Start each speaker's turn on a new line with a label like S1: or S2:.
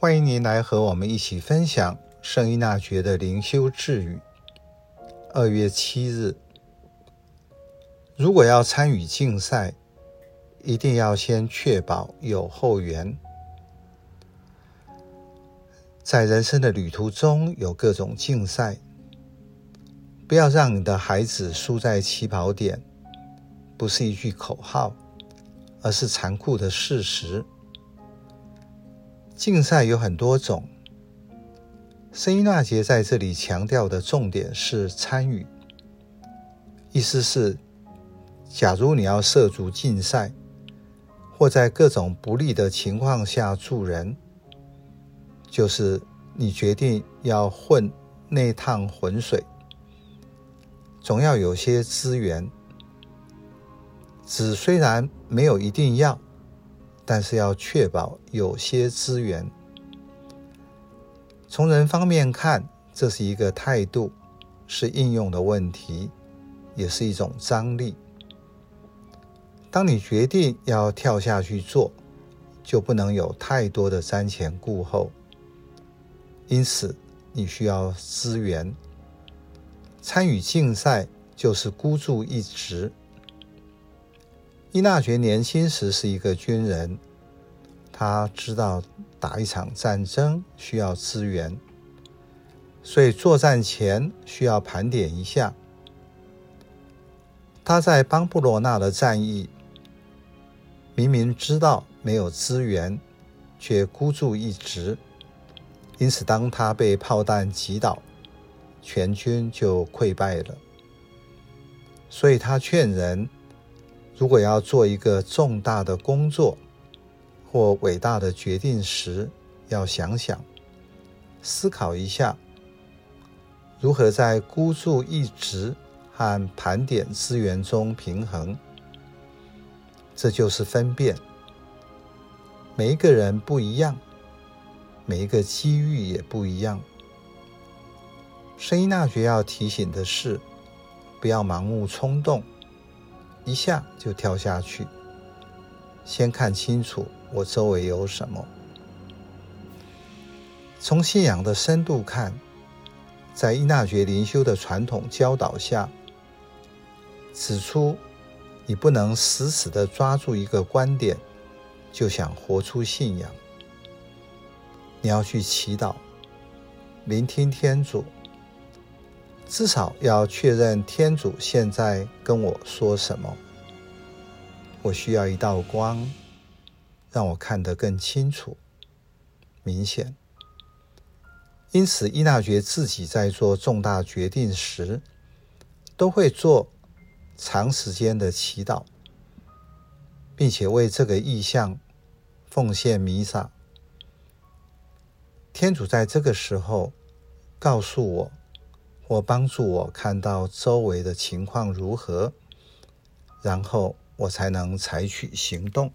S1: 歡迎您來和我們一起分享聖依納爵的靈修智語。二月七日，如果要參與競賽，一定要先確保有後援。在人生的旅途中有各種競賽。不要讓你的孩子輸在起跑點，不是一句口號，而是殘酷的事實。競賽有很多種，聖依納爵在這裡強調的重點是參與。意思是，假如你要涉足競賽，或在各種不利的情況下助人，就是你決定要混那趟渾水。總要有些資源，指雖然沒有一定要，但是要確保有些資源。從人方面看，這是一個態度，是應用的問題，也是一種張力。當你決定要跳下去做，就不能有太多的瞻前顧後，因此你需要資源。參與競賽就是孤注一擲。依納爵年輕時是一個軍人，他知道打一場戰爭需要資源，所以作戰前需要盤點一下。他在邦布羅納的戰役，明明知道沒有資源，卻孤注一擲。因此，當他被炮彈擊倒，全軍就潰敗了。所以他勸人，如果要做一個重大的工作或偉大的決定時，要想想、思考一下，如何在孤注一擲和盤點資源中平衡？這就是分辨。每一個人不一樣，每一個機遇也不一樣。聖依納爵要提醒的是，不要盲目衝動，一下就跳下去，先看清楚我周圍有什麼？從信仰的深度看，在依納爵靈修的傳統教導下，指出你不能死死的抓住一個觀點就想活出信仰。你要去祈禱，聆聽天主。至少要確認天主現在跟我說什麼。我需要一道光，讓我看得更清楚、明顯。因此，依納爵自己在做重大決定時，都會做長時間的祈禱，並且為這個意向奉獻彌撒。天主在這個時候告訴我。我幫助我看到周圍的情況如何，然後我才能採取行動。